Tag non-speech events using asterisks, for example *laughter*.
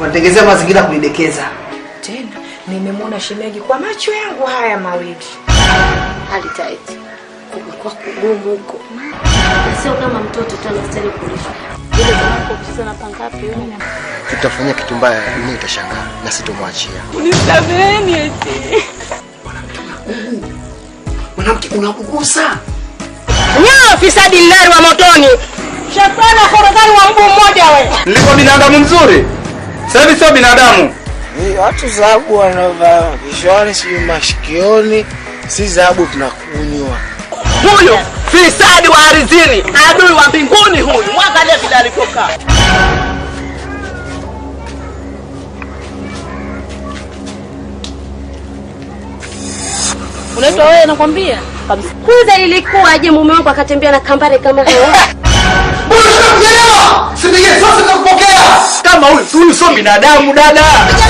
unatengezea mazingira kunidekeza. Tena nimemwona shemeji kwa macho yangu haya mawili. Hali tight. Kumekuwa kugumu huko. Sio kama mtoto tu anastahili kulisha. Ile mwanako kucheza na pangapi yule na tutafanya kitu mbaya, mimi nitashangaa na sitomwachia. Unisameheni eti. Mwanamke unakugusa. Nyaa fisadi lari wa motoni. Shetani akorogani wa mbu mmoja wewe. Nilikuwa binadamu mzuri. Sasa sio binadamu. Ni watu zahabu wanavaa vishoni si mashikioni, si zahabu tunakunywa. Huyo fisadi wa ardhini, adui wa mbinguni huyu. Mwangalie vile alipoka. Unaitwa wewe nakwambia. Kabisa. Kwanza ilikuwa aje mume wako akatembea na kambare kama *laughs* tu sio binadamu dada.